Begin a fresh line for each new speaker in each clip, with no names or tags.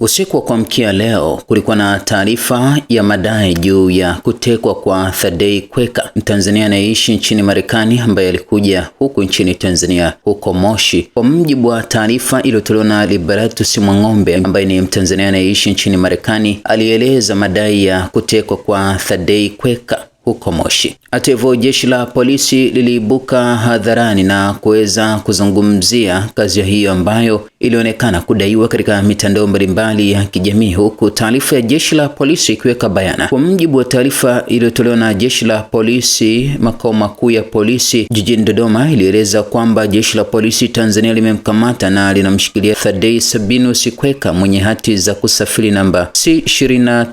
Usiku wa kuamkia leo kulikuwa na taarifa ya madai juu ya kutekwa kwa Thadei Kweka, Mtanzania anayeishi nchini Marekani ambaye alikuja huku nchini Tanzania huko Moshi. Kwa mjibu wa taarifa iliyotolewa na Liberatus Mwang'ombe ambaye ni Mtanzania anayeishi nchini Marekani, alieleza madai ya kutekwa kwa Thadei Kweka huko Moshi. Hata hivyo, jeshi la polisi liliibuka hadharani na kuweza kuzungumzia kazi hiyo ambayo ilionekana kudaiwa katika mitandao mbalimbali ya kijamii, huku taarifa ya jeshi la polisi ikiweka bayana. Kwa mujibu wa taarifa iliyotolewa na jeshi la polisi, makao makuu ya polisi jijini Dodoma ilieleza kwamba jeshi la polisi Tanzania limemkamata na linamshikilia Thadei Sabinus Sikweka mwenye hati za kusafiri namba C 50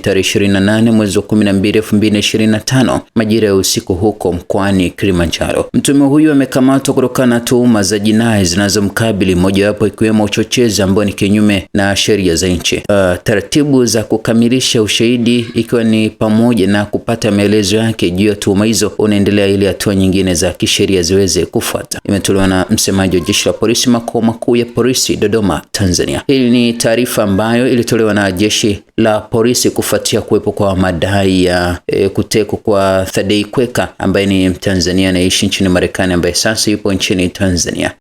tarehe 28 mwezi wa 12 2025, majira ya usiku huko mkoani Kilimanjaro. mtume huyu amekamatwa kutokana na tuhuma za jinai zinazomkabili, mojawapo ikiwemo uchochezi ambao ni kinyume na sheria za nchi. Uh, taratibu za kukamilisha ushahidi ikiwa ni pamoja na kupata maelezo yake juu ya tuhuma hizo unaendelea ili hatua nyingine za kisheria ziweze kufuata. Imetolewa na msemaji wa Jeshi la Polisi, makao makuu ya polisi Dodoma, Tanzania. Hii ni taarifa ambayo ilitolewa na Jeshi la polisi kufuatia kuwepo kwa madai ya e, kutekwa kwa Thadei Kweka ambaye ni Mtanzania anayeishi nchini Marekani ambaye sasa yupo nchini Tanzania.